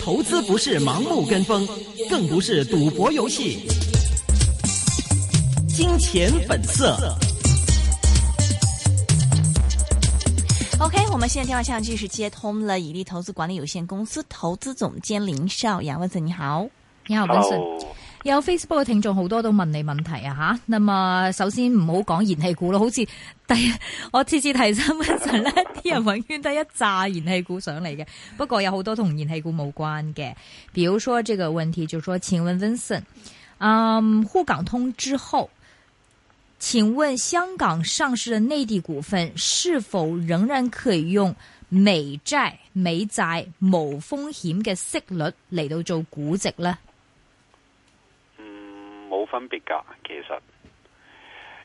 投資不是盲目跟風，更不是賭博遊戲。金錢本色。OK，我們現在電話線據是接通了，以利投資管理有限公司投資總監林少陽文森，你好。你好，文森。有 Facebook 嘅聽眾好多都問你問題啊吓，咁啊首先唔好講燃氣股咯，好似第我次次提醒 Vincent 咧，啲人永遠都係一炸燃氣股上嚟嘅，不過有好多同燃氣股冇關嘅，比如說這個問題就說，請問 Vincent，嗯，滬港通之後，請問香港上市嘅內地股份是否仍然可以用美債美債無風險嘅息率嚟到做估值咧？冇分別噶，其實，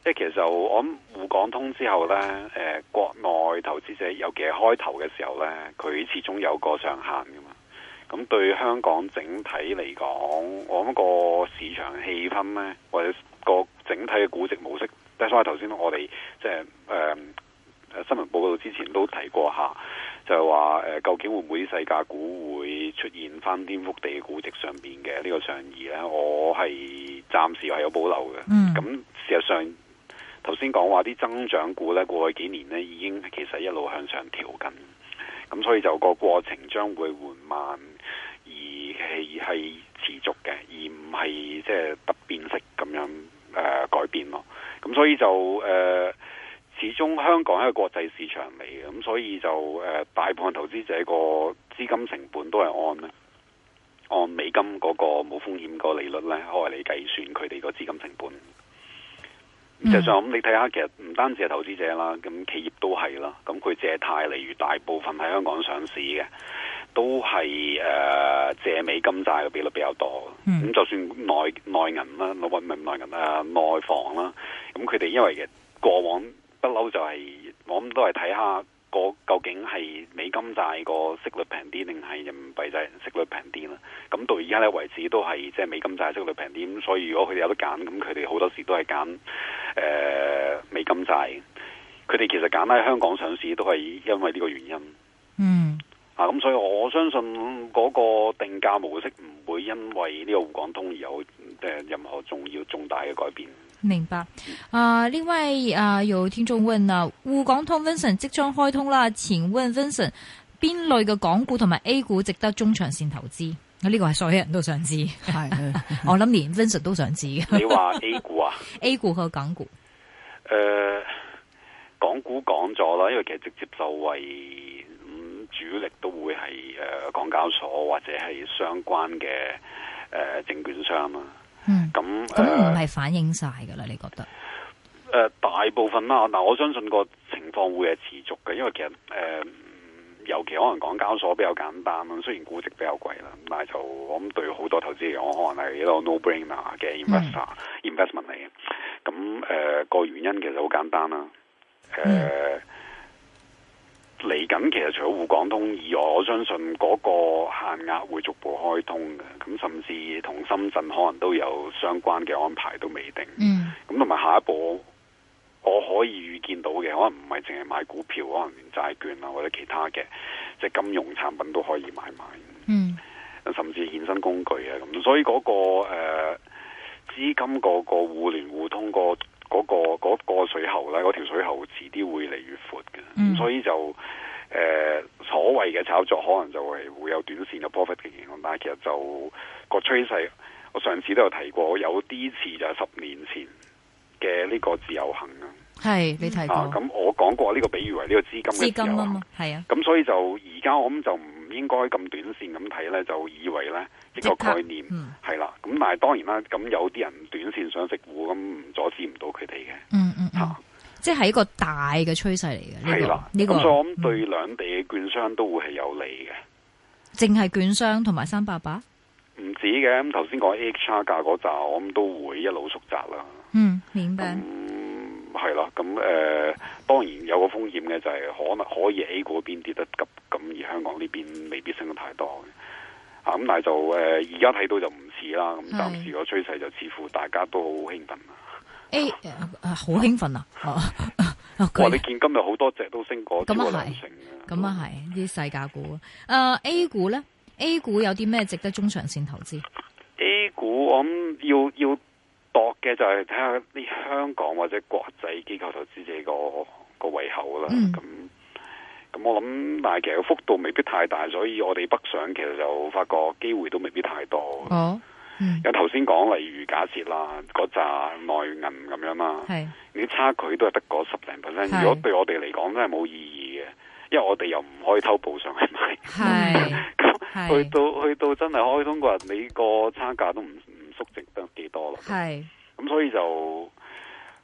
即係其實就我諗滬港通之後呢，誒，國內投資者尤其係開頭嘅時候呢，佢始終有個上限噶嘛。咁對香港整體嚟講，我諗個市場的氣氛呢，或者個整體嘅估值模式，但係翻頭先，我哋即係誒新聞報告之前都提過一下。就係話誒，究竟會唔會啲世界股會出現翻天覆地嘅估值上邊嘅呢個上移呢？我係暫時係有保留嘅。咁、mm. 事實上，頭先講話啲增長股呢，過去幾年呢已經其實一路向上調緊，咁所以就個過程將會緩慢而係係持續嘅，而唔係即係突變式咁樣誒、呃、改變咯。咁所以就誒。呃始終香港係一個國際市場嚟嘅，咁所以就誒、呃、大部分投資者個資金成本都係按咧，按、哦、美金嗰個冇風險個利率咧，可以嚟計算佢哋個資金成本。實際上咁，你睇下其實唔單止係投資者啦，咁企業都係啦，咁佢借貸例如大部分喺香港上市嘅，都係誒、呃、借美金債嘅比率比較多。咁、嗯、就算內內銀啦，六唔係內銀誒內房啦，咁佢哋因為嘅過往。不嬲就係、是，我諗都係睇下個究竟係美金債個息率平啲，定係人民幣債息率平啲啦。咁到而家為止都係即係美金債息率平啲，咁所以如果佢哋有得揀，咁佢哋好多時候都係揀誒美金債。佢哋其實揀喺香港上市都係因為呢個原因。嗯、mm. 啊，啊咁所以我相信嗰個定價模式唔會因為呢個滬港通而有誒、呃、任何重要重大嘅改變。明白。啊、呃，另外啊，有、呃、聽眾問啊，滬港通 Vincent 即將開通啦，請問 Vincent 邊類嘅港股同埋 A 股值得中長線投資？呢、這個係所有人都想知道，係 我諗連 Vincent 都想知道。你話 A 股啊？A 股個港股？誒、呃，港股講咗啦，因為其實直接受惠、嗯、主力都會係誒、呃、港交所或者係相關嘅誒、呃、證券商啊。嗯，咁咁唔係反映晒噶啦，嗯、你覺得？誒、呃，大部分啦，嗱，我相信個情況會係持續嘅，因為其實誒、呃，尤其可能港交所比較簡單啦，雖然估值比較貴啦，但係就我諗對好多投資人講可能係一個 no brainer 嘅 investor，investment 嚟嘅。咁誒，個、呃、原因其實好簡單啦，誒、呃。嗯嚟緊其實除咗滬港通以外，我相信嗰個限額會逐步開通嘅。咁甚至同深圳可能都有相關嘅安排，都未定。嗯。咁同埋下一步，我可以預見到嘅，可能唔係淨係買股票，可能連債券啊或者其他嘅，即係金融產品都可以買賣。嗯。甚至衍生工具啊咁，所以嗰個誒資金嗰個互聯互通個。嗰、嗰個嗰個水喉咧，嗰條水喉遲啲會嚟越闊嘅、嗯，所以就誒、呃、所謂嘅炒作，可能就係會有短線嘅 profit 嘅情況，但係其實就、個趨勢，我上次都有提過，有啲似就係十年前嘅呢個自由行啊，係你提咁我講過呢個比喻為呢個資金嘅自由行嘛，啊，咁、啊、所以就而家我諗就唔應該咁短線咁睇咧，就以為咧一個概念係啦，咁、嗯、但係當然啦，咁有啲人短線想食糊咁，阻止唔到佢。嗯，嗯嗯，吓、啊，即係一個大嘅趨勢嚟嘅。係啦，呢、這個咁對兩地嘅券商都會係有利嘅。淨、嗯、係券商同埋三八八？唔止嘅，咁頭先講 hr 價嗰咋，我諗都會一路縮窄啦、嗯。嗯，明白。咁係啦，咁誒、呃，當然有個風險嘅就係可能可以喺嗰邊跌得急，咁而香港呢邊未必升得太多嘅。啊，咁但係就誒，而家睇到就唔似啦。咁暫時個趨勢就似乎大家都好興奮啊。A、啊、好興奮啊！Okay. 你見今日好多隻都升過咁啊，係咁啊，係呢啲世界股誒，A 股咧，A 股有啲咩值得中長線投資？A 股我諗要要度嘅就係睇下啲香港或者國際機構投資者個個胃口啦。咁咁我諗，但係其實幅度未必太大，所以我哋北上其實就發覺機會都未必太多。Oh. 有頭先講例如假設啦，嗰扎內銀咁樣啦，你差距都係得嗰十零 percent，如果對我哋嚟講真係冇意義嘅，因為我哋又唔可以偷步上去買，是嗯、是 去到去到真係開通嘅話，你個差價都唔唔縮值得幾多咯，咁所以就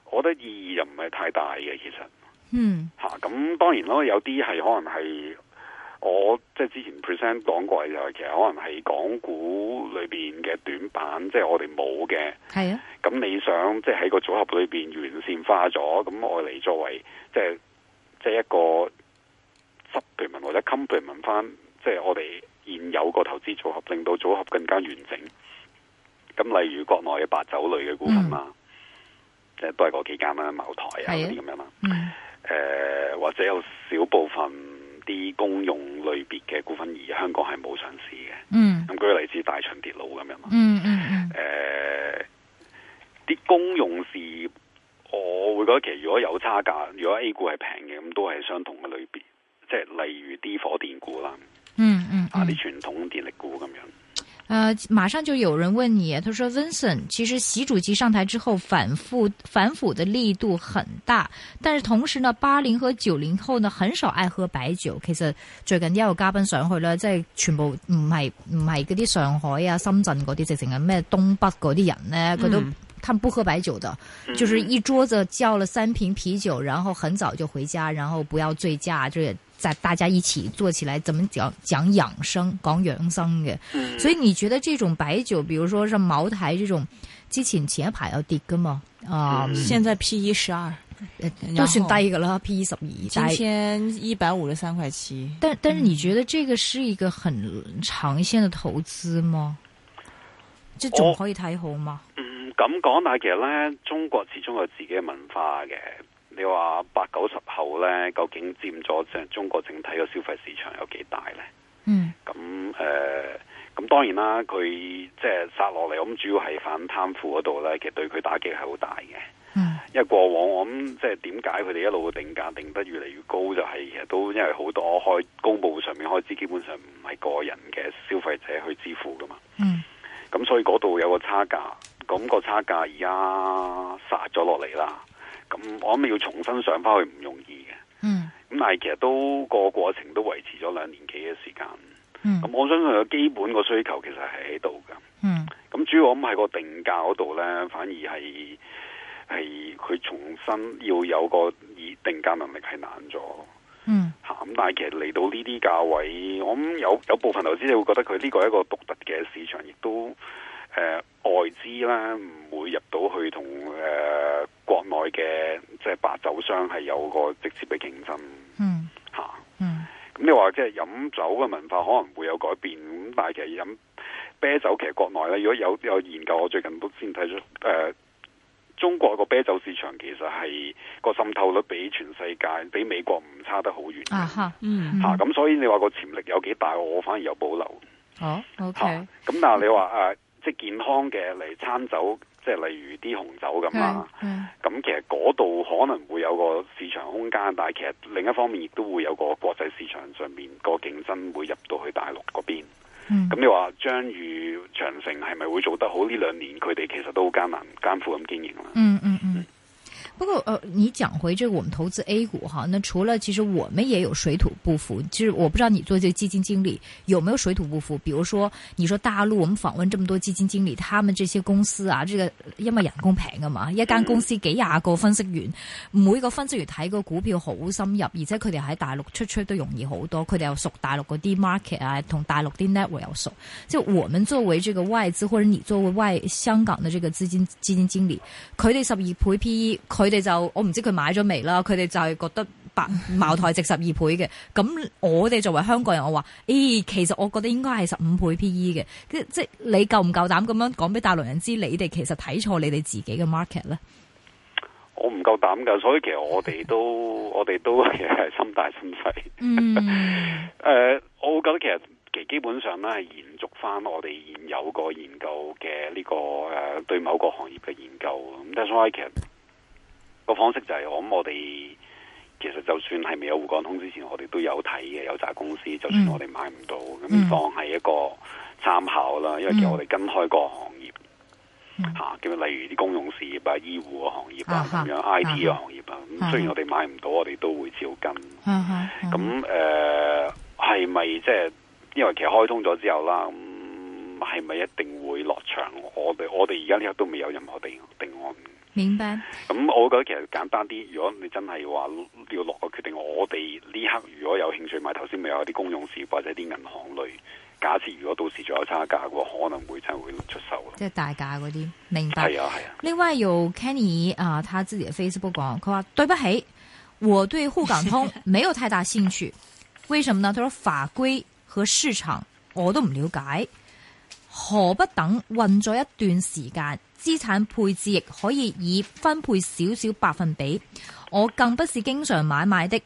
我覺得意義又唔係太大嘅，其實，吓、嗯、咁、啊、當然咯，有啲係可能係。我即係之前 present 講過就係其實可能係港股裏邊嘅短板，即係我哋冇嘅。係啊。咁你想即係喺個組合裏邊完善化咗，咁我哋作為即係即係一個 s u 文，或者 complement 翻，即係我哋現有個投資組合，令到組合更加完整。咁例如國內嘅白酒類嘅股份嘛，嗯，即係都係嗰幾間啦，茅台啊嗰啲咁樣嘛。誒、嗯呃，或者有少部分，啲公用類別嘅股份而香港係冇上市嘅。咁舉個例子，大秦鐵路咁樣，誒、嗯，啲、嗯、公、嗯呃、用事業我會覺得其實如果有差價，如果 A 股係平嘅，咁都係相同嘅類別，即係例如啲火電股啦，嗯嗯，啊、嗯、啲傳統電力股咁樣。呃，馬上就有人問你，他說 Vincent 其實習主席上台之後，反覆反腐的力度很大，但是同時呢，八零和九零後呢，很少愛喝白酒。其實最近一有嘉賓上去了，在全部唔係唔係嗰啲上海啊、深圳嗰啲，即係個咩東北嗰啲人呢，佢、嗯、都，他們不喝白酒的，就是一桌子叫了三瓶啤酒，嗯、然後很早就回家，然後不要醉駕就。”在大家一起做起來，怎麼講講養生，講養生嘅、嗯。所以你覺得這種白酒，比如說像茅台這種，之前前一排有跌噶嘛？啊，現在 P 一十二，都算低噶啦，P 一十二，七千一百五十三塊七。但但是你覺得這個是一個很長線的投資嗎？這種可以睇好嗎？嗯咁講啦，其實呢，中國始終有自己嘅文化嘅。你話八九十後呢，究竟佔咗成中國整體個消費市場有幾大呢？嗯，咁、嗯、誒、咁、呃、嗯、當然啦，佢即係殺落嚟，咁主要係反貪腐嗰度呢，其實對佢打擊係好大嘅。嗯，因為過往我諗即係點解佢哋一路嘅定價定得越嚟越高，就是，就係其實都因為好多開公布上面開支，基本上唔係個人嘅消費者去支付噶嘛。嗯，咁所以嗰度有個差價，咁個差價而家殺咗落嚟啦。咁我諗你要重新上翻去唔容易嘅，咁、嗯、但係其實都個過程都維持咗兩年幾嘅時間。咁、嗯、我相信佢個基本個需求其實係喺度噶。咁、嗯、主要我諗喺個定價嗰度咧，反而係係佢重新要有個定價能力係難咗。嗯，吓咁但係其實嚟到呢啲價位，我諗有有部分投資者會覺得佢呢個係一個獨特嘅市場，亦都誒、呃、外資啦唔會入到去同誒。呃內嘅即係白酒商係有個直接嘅競爭，嗯，吓、啊，嗯，咁、嗯、你話即係飲酒嘅文化可能會有改變，咁但係其實飲啤酒其實國內咧，如果有有研究，我最近都先睇咗，誒、呃，中國的個啤酒市場其實係個滲透率比全世界、比美國唔差得好遠吓，咁、啊嗯嗯啊、所以你話個潛力有幾大，我反而有保留，哦，O K，咁但係你話誒。嗯即健康嘅嚟餐酒，即係例如啲紅酒咁啦。咁其實嗰度可能會有個市場空間，但係其實另一方面亦都會有個國際市場上面個競爭會入到去大陸嗰邊。咁你話張裕、長城係咪會做得好？呢兩年佢哋其實都好艱難艱苦咁經營啦。嗯嗯嗯。嗯不過，誒、呃，你講回，這我們投資 A 股哈，那除了，其實我們也有水土不服。其實，我不知道你做這個基金經理有沒有水土不服。比如說，你說大陸，我們訪問這麼多基金經理，他們這些公司啊，這個因為人工平啊嘛，一間公司幾廿個分析員，每個分析員睇個股票好深入，而且佢哋喺大陸出出都容易好多，佢哋又熟大陸嗰啲 market 啊，同大陸啲 network 又熟。即係我們作為這個外資，或者你作為外香港的這個資金基金經理，佢哋十二倍。PE，佢哋就我唔知佢買咗未啦，佢哋就係覺得百茅台值十二倍嘅。咁我哋作為香港人，我話咦、哎，其實我覺得應該係十五倍 P E 嘅，即即你夠唔夠膽咁樣講俾大陸人知，你哋其實睇錯你哋自己嘅 market 咧？我唔夠膽噶，所以其實我哋都我哋都係心大心細。誒、 mm.，uh，我覺得其實其基本上咧係延續翻我哋現有個研究嘅呢、這個誒對某個行業嘅研究咁，但係其實。個方式就係、是，我諗，咁我哋其實就算係未有滬港通之前，我哋都有睇嘅，有紮公司，就算我哋買唔到，咁、嗯、當係一個參考啦。嗯、因為叫我哋跟開個行業，吓、嗯、咁、啊、例如啲公用事業啊、醫護嘅行業啊、咁、啊、樣、啊、IT 嘅行業啊。咁、啊、雖然我哋買唔到，啊、我哋都會照跟。咁、啊、誒、係咪即係？因為其實開通咗之後啦，咁係咪一定會落場？我哋我哋而家呢刻都未有任何定定案。明白。咁、嗯、我覺得其實簡單啲，如果你真係話要落個決定，我哋呢刻如果有興趣買，頭先咪有啲公用事業或者啲銀行類。假設如果到時仲有差價嘅話，可能會就會出手咯。即係大價嗰啲，明白。係啊係啊。另外由 Kenny 啊、呃，他自己的 Facebook 講，佢話，對不起，我對滬港通沒有太大興趣。 為什麼呢？他說法規和市場我都唔了解。何不等運作咗一段時間，資產配置亦可以以分配少少百分比。我更不是經常買賣的，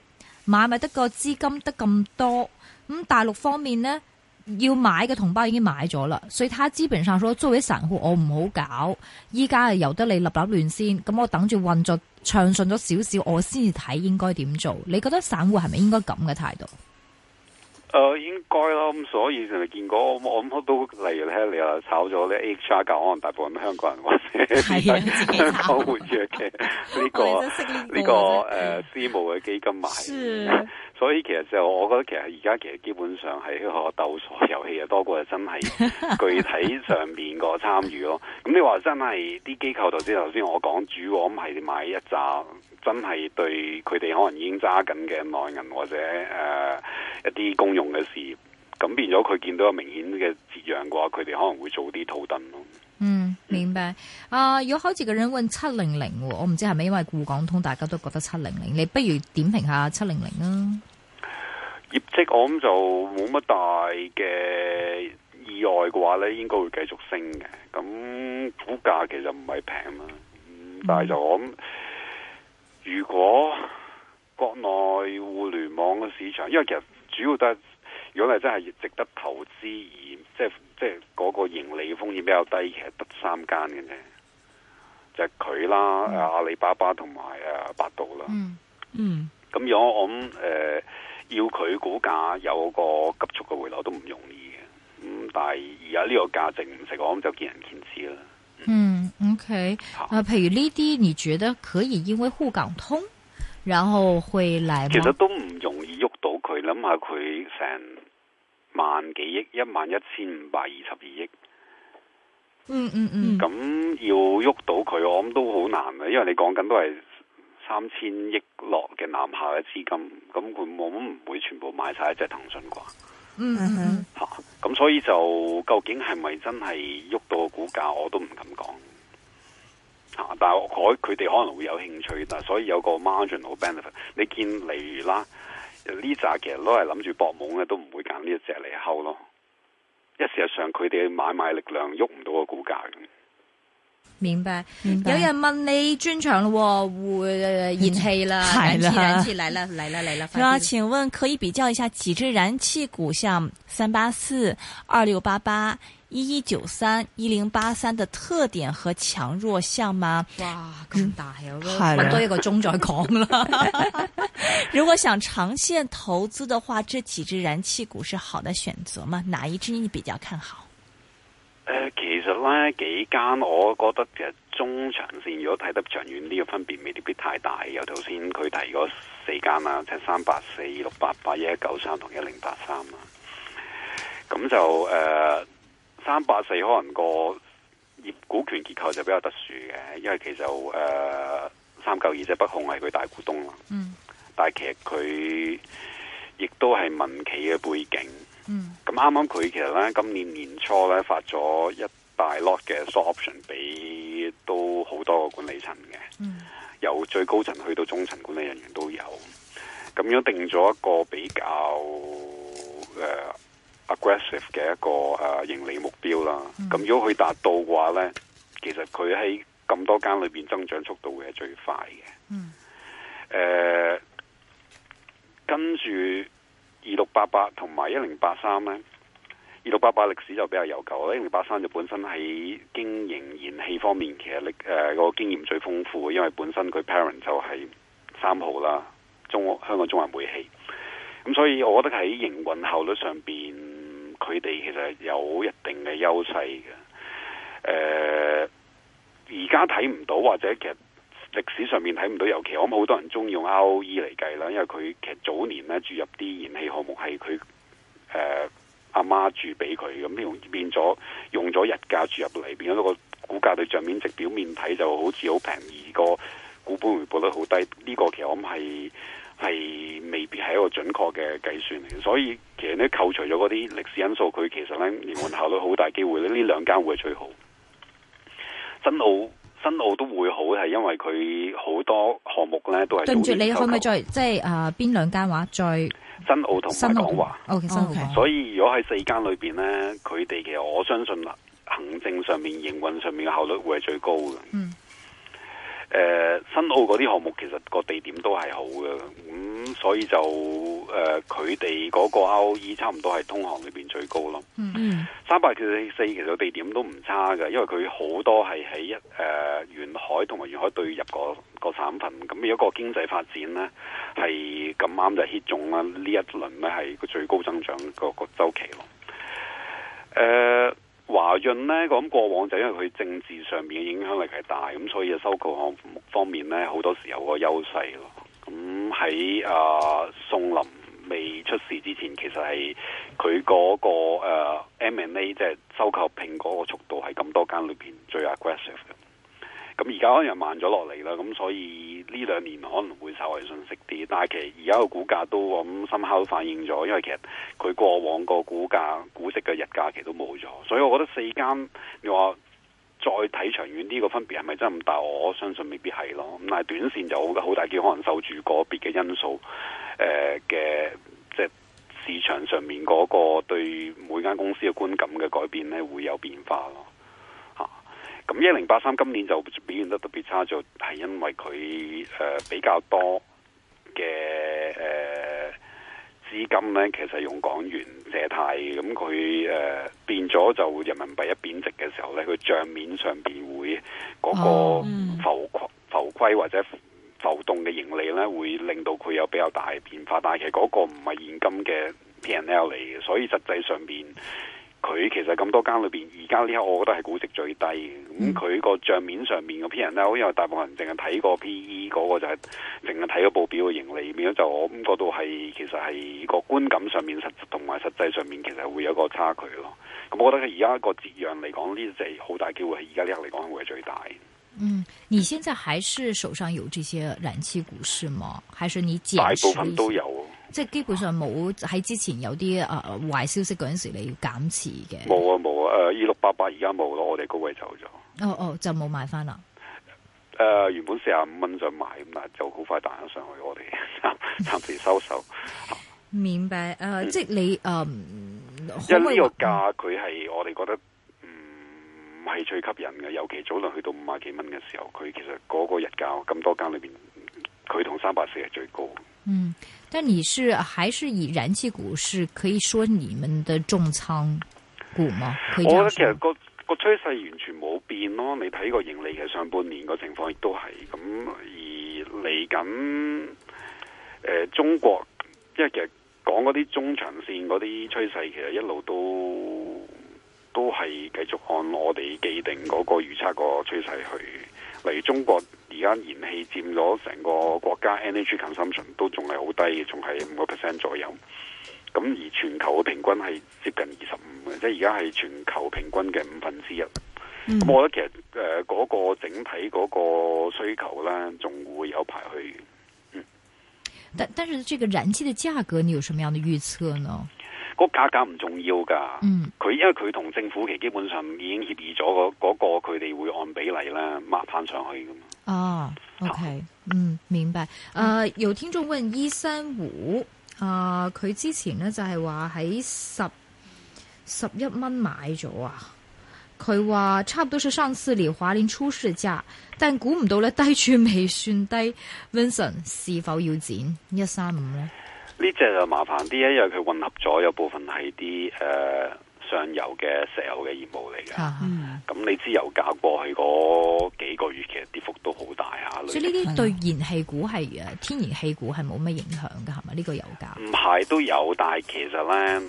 買賣得個資金得咁多。咁大陸方面咧，要買嘅同胞已經買咗啦，所以睇下基本上所租位散戶，我唔好搞，依家，係由得你立立亂先。咁我等住運作咗暢順咗少少，我先至睇應該點做。你覺得散戶係咪應該咁嘅態度？誒、呃，應該咯，咁所以就未見過，我我都例如咧，你啊炒咗咧 H R 可能大部分香港人或者香港活躍嘅呢個呢 個誒私募嘅基金買，所以其實就我覺得其實而家其實基本上係一個鬥數遊戲啊，多過係真係具體上面個參與咯。咁 你話真係啲機構頭先頭先我講主，咁係買一集。真係對佢哋可能已經揸緊嘅內銀或者誒、呃、一啲公用嘅事業，咁變咗佢見到有明顯嘅折讓嘅話，佢哋可能會做啲套戥咯。嗯，明白。嗯、啊，如果好似嘅輪換七零零，我唔知係咪因為滬港通，大家都覺得七零零，你不如點評下七零零啊？業、嗯、績我諗就冇乜大嘅意外嘅話咧，應該會繼續升嘅。咁股價其實唔係平啊，但係就我諗。如果國內互聯網嘅市場，因為其實主要都係如果你真係值得投資而即係即係嗰個盈利嘅風險比較低，其實得三間嘅啫，就係、是、佢啦、嗯、阿里巴巴同埋啊百度啦。嗯嗯，咁如果我諗誒、呃，要佢股價有個急速嘅回流，都唔容易嘅。咁、嗯、但係而家呢個價值唔值我諗，就見仁見智啦。嗯。嗯 O、okay, K，啊，譬如呢啲，你覺得可以因為滬港通，然後會來嗎？其實都唔容易喐到佢，諗下佢成萬幾億，一萬一千五百二十二億。嗯嗯嗯。咁、嗯、要喐到佢，我諗都好難，因為你講緊都係三千億落嘅南下嘅資金，咁佢冇唔會全部買晒一隻騰訊啩？嗯哼。吓、啊，咁所以就究竟係咪真係喐到個股價，我都唔敢講。但係，我佢佢哋可能會有興趣，但係所以有個 marginal benefit，你見嚟啦，呢隻其實都係諗住博懵嘅，都唔會揀呢隻嚟後咯。一事實上佢哋買賣力量喐唔到個股價。明，明白，有人問你專場咯，會燃氣啦，燃氣燃氣嚟啦嚟啦嚟啦。咁啊，請問可以比較一下幾隻燃氣股，像三八四、二六八八。一一九三、一零八三的特點和強弱像嗎？哇咁大呀，係、嗯啊、多一個鐘再講啦。 如果想長線投資的話，這幾隻燃氣股是好的選擇嗎？哪一支你比較看好？誒、呃，其實呢幾間，我覺得其實中長線如果睇得長遠，呢、這個分別未必太大。有頭先佢提咗四間啊，即三八四、六八八、一九三同一零八三啊。咁就誒。三八四可能個業股權結構就比較特殊嘅，因為其實誒三九二即北控係佢大股東啦、嗯，但係其實佢亦都係民企嘅背景。咁啱啱佢其實咧今年年初咧發咗一大 lot 嘅 stock option 俾都好多個管理層嘅、嗯，由最高層去到中層管理人員都有，咁樣定咗一個比較。嘅一個誒盈利目標啦。咁、嗯、如果佢達到嘅話呢，其實佢喺咁多間裏邊增長速度會係最快嘅。嗯，誒、呃，跟住二六八八同埋一零八三呢，二六八八歷史就比較悠久啦，一零八三就本身喺經營燃氣方面，其實力誒、呃那個經驗最豐富，因為本身佢 parent 就係三號啦，中香港中環中華煤氣。咁所以我覺得喺營運效率上邊。佢哋其實有一定嘅優勢嘅，誒而家睇唔到或者其實歷史上面睇唔到，尤其我諗好多人中意用 ROE 嚟計啦，因為佢其實早年咧注入啲燃氣項目係佢誒阿媽住俾佢，咁容易變咗用咗日價注入嚟，變咗個股價對帳面值表面睇就好似好平宜，個股本回報率好低，呢個其實我諗係。係未必係一個準確嘅計算，嚟，所以其實咧扣除咗嗰啲歷史因素，佢其實咧營運效率好大機會咧，呢兩間會係最好。新澳新澳都會好，係因為佢好多項目咧都係對住你會唔會，可唔可以再即係誒邊兩間話再新澳同埋港華？O K O K。所以如果喺四間裏邊咧，佢哋嘅我相信行政上面營運上面嘅效率會係最高嘅。嗯。誒、呃，新澳嗰啲項目其實個地點都係好嘅，咁、嗯、所以就誒，佢哋嗰個 ROE 差唔多係通航裏邊最高咯。嗯，三百四四其實個地點都唔差㗎，因為佢好多係喺一誒沿海同埋沿海對入個，那個產咁一、那個經濟發展咧係咁啱就協 i 啦。呢一輪咧係個最高增長個個週期咯。誒、呃。華潤咧，咁過往就因為佢政治上面嘅影響力係大，咁所以嘅收購項目方面呢，好多時候有個優勢咯。咁喺啊，宋林未出事之前，其實係佢嗰個、呃、M&A，即係收購蘋果個速度係咁多間裏邊最 aggressive 嘅。咁而家可能慢咗落嚟啦，咁所以呢兩年可能會稍微訊息啲，但係其實而家個股價都咁深刻反映咗，因為其實佢過往個股價、股息嘅日假期都冇咗，所以我覺得四間你話再睇長遠啲個分別係咪真係咁大？我相信未必係咯。咁但係短線就好嘅，好大機會可能受住個別嘅因素，誒、呃、嘅即係市場上面嗰個對每間公司嘅觀感嘅改變咧，會有變化咯。咁一零八三今年就表現得特別差咗，係因為佢誒、呃、比較多嘅誒資金咧，其實用港元借貸，咁佢誒變咗就人民幣一貶值嘅時候咧，佢賬面上邊會嗰個浮虧浮虧或者浮動嘅盈利咧，會令到佢有比較大嘅變化。但係其實嗰個唔係現金嘅 P and L 嚟嘅，所以實際上面。佢其實咁多間裏邊，而家呢刻我覺得係估值最低嘅。咁佢個賬面上面嗰批人咧，好有大部分人淨係睇個 PE 嗰個就係淨係睇個報表嘅盈利，變咗就我咁覺得係其實係個觀感上面實同埋實際上面其實會有一個差距咯。咁、嗯、我覺得而家一個折讓嚟講，呢啲係好大機會係而家呢刻嚟講會係最大。嗯，你現在還是手上有這些燃氣股市嗎？還是你大部分都有。即、就、係、是、基本上冇喺之前有啲啊壞消息嗰陣時，你要減持嘅。冇啊冇啊，誒二六八八而家冇咯，我哋高位走咗。哦哦，就冇買翻啦。誒、呃，原本四十五蚊想買，咁但係就好快彈咗上去，我哋 暫時收手。 啊、明白誒、啊嗯，即係你誒，因、呃、呢、這個價佢係我哋覺得唔係、嗯、最吸引嘅，尤其早輪去到五十幾蚊嘅時候，佢其實嗰個日價咁多間裏邊，佢同三百四係最高。嗯。但你是還是以燃氣股是可以說你們的重倉股嗎？這我覺得其實、那個個趨勢完全冇變咯，你睇個盈利其實上半年個情況亦都係咁，而嚟緊誒中國，因為其實講嗰啲中長線嗰啲趨勢其實一路都都係繼續按我哋既定嗰、那個預測個趨勢去。例如中國而家燃氣佔咗成個國家 energy consumption 都仲係好低，仲係五個 percent 左右。咁而全球, 25，全球平均係接近二十五，即係而家係全球平均嘅五分之一。咁、嗯、我覺得其實誒嗰、呃那個整體嗰個需求啦，仲會有排去。嗯、但但是，這個燃氣嘅價格，你有什麼樣的預測呢？個價格唔重要噶，佢、嗯、因為佢同政府期基本上已經協議咗，嗰個，個佢哋會按比例咧，抹翻上，上去噶嘛。哦、啊、，OK，、啊、嗯，明白。誒、呃，有、嗯、聽眾問 1, 3, 5,、嗯：一三五，誒，佢之前呢就係話喺十十一蚊買咗啊。佢話差唔多是上次嚟華林出市價，但估唔到咧低處未算低。Vincent 是否要剪一三五咧？1, 3, 呢隻就麻煩啲，因為佢混合咗有部分係啲誒上游嘅石油嘅業務嚟嘅。咁、啊嗯、你知油價過去嗰幾個月其實跌幅都好大嚇、啊。即呢啲對燃氣股係、嗯、天然氣股係冇咩影響㗎，係咪呢個油價？唔係都有，但係其實呢，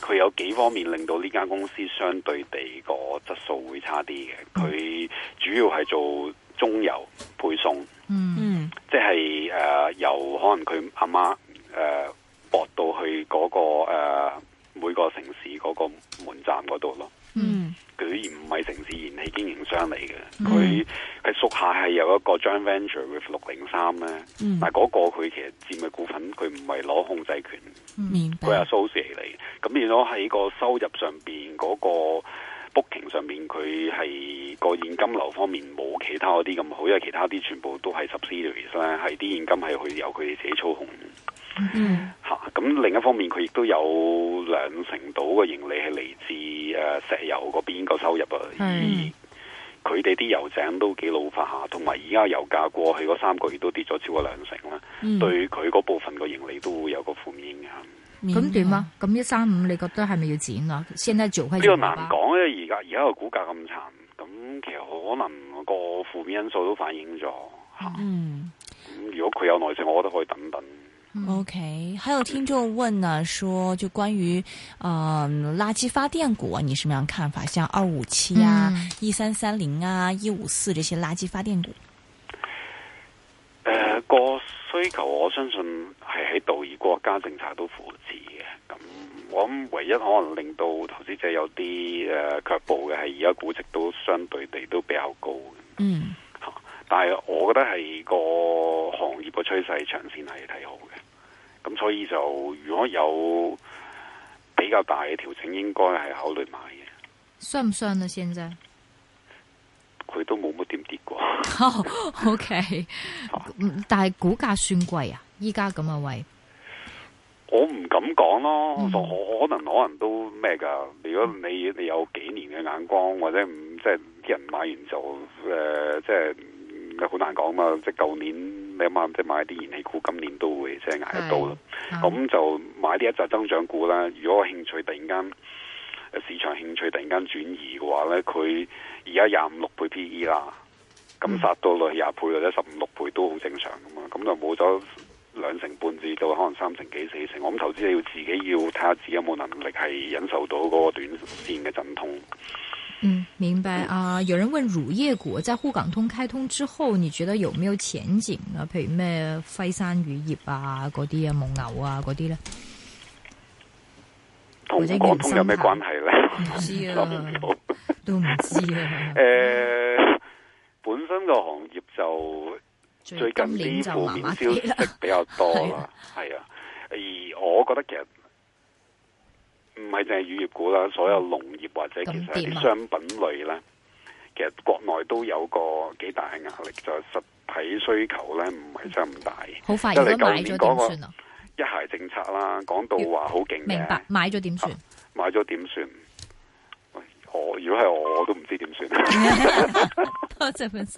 佢有幾方面令到呢間公司相對地個質素會差啲嘅。佢、嗯、主要係做中油配送，嗯，嗯即係誒、呃、由可能佢阿媽。誒、呃，駁到去嗰、那個誒、呃、每個城市嗰個門站嗰度咯。嗯，佢唔係城市燃氣經營商嚟嘅，佢佢屬下係有一個 joint venture with 六零三咧。但係嗰個佢其實佔嘅股份，佢唔係攞控制權。佢係 associate 嚟。咁變咗喺個收入上邊嗰、那個 booking 上邊，佢係個現金流方面冇其他嗰啲咁好，因為其他啲全部都係 subsidiaries 咧，係啲現金係去由佢哋自己操控。嗯，吓、啊、咁另一方面，佢亦都有兩成度嘅盈利係嚟自誒、啊、石油嗰邊個收入啊。佢哋啲油井都幾老化，同埋而家油價過去嗰三個月都跌咗超過兩成啦、嗯，對佢嗰部分嘅盈利都有個負面影響。咁、嗯、點、嗯、啊？咁一三五你覺得係咪要剪啊？先得做開。比較、這個、難講咧、啊，而家而家個股價咁殘，咁其實可能個負面因素都反映咗、啊。嗯，咁、嗯、如果佢有耐性，我覺得可以等等。OK，還有聽眾問呢，說就關於，嗯、呃、垃圾發電股，你什麼樣看法？像二五七啊、一三三零啊、一五四這些垃圾發電股。誒、嗯，個、呃、需求我相信係喺度，而國家政策都扶持嘅。咁我諗唯一可能令到投資者有啲誒卻步嘅係而家估值，都相對地都比較高。嗯。吓，但係我覺得係個行業嘅趨勢，長線係睇好嘅。咁所以就如果有比較大嘅調整，應該係考慮買嘅。算唔算呢？現在佢都冇乜點跌過。o、oh, k、okay. 嗯、但係股價算貴啊？依家咁嘅位，我唔敢講咯、嗯可，可能可能都咩㗎。如果你你有幾年嘅眼光，或者唔即係啲人買完就誒、呃、即係。好難講嘛，即係舊年你諗下，即買啲燃氣股，今年都會即係挨得到咯。咁就買啲一集增長股啦。如果興趣突然間，市場興趣突然間轉移嘅話咧，佢而家廿五六倍 P E 啦，咁殺到落廿倍或者十五六倍都好正常噶嘛。咁就冇咗兩成半至到可能三成幾四成。我諗投資者要自己要睇下自己有冇能力係忍受到嗰個短線嘅陣痛。嗯，明白啊！有人問乳業股在滬港通開通之後，你覺得有沒有前景啊？譬如咩輝山乳業啊，嗰啲啊，蒙牛啊，嗰啲咧，同港通有咩關係咧？唔、嗯、 知啊，都唔知啊。誒、 呃 呃，本身個行業就最近啲負面消息比較多啦，係 啊，啊。而我覺得其實。唔係淨係乳業股啦，所有農業或者其實啲商品類咧，其實國內都有個幾大嘅壓力，就係、實體需求咧唔係咁大。好、嗯、快，如果買咗點算？了說說了算啊？一孩政策啦，講到話好勁明白，買咗點算？買咗點算？我如果係我，我都唔知點算。多謝潘生。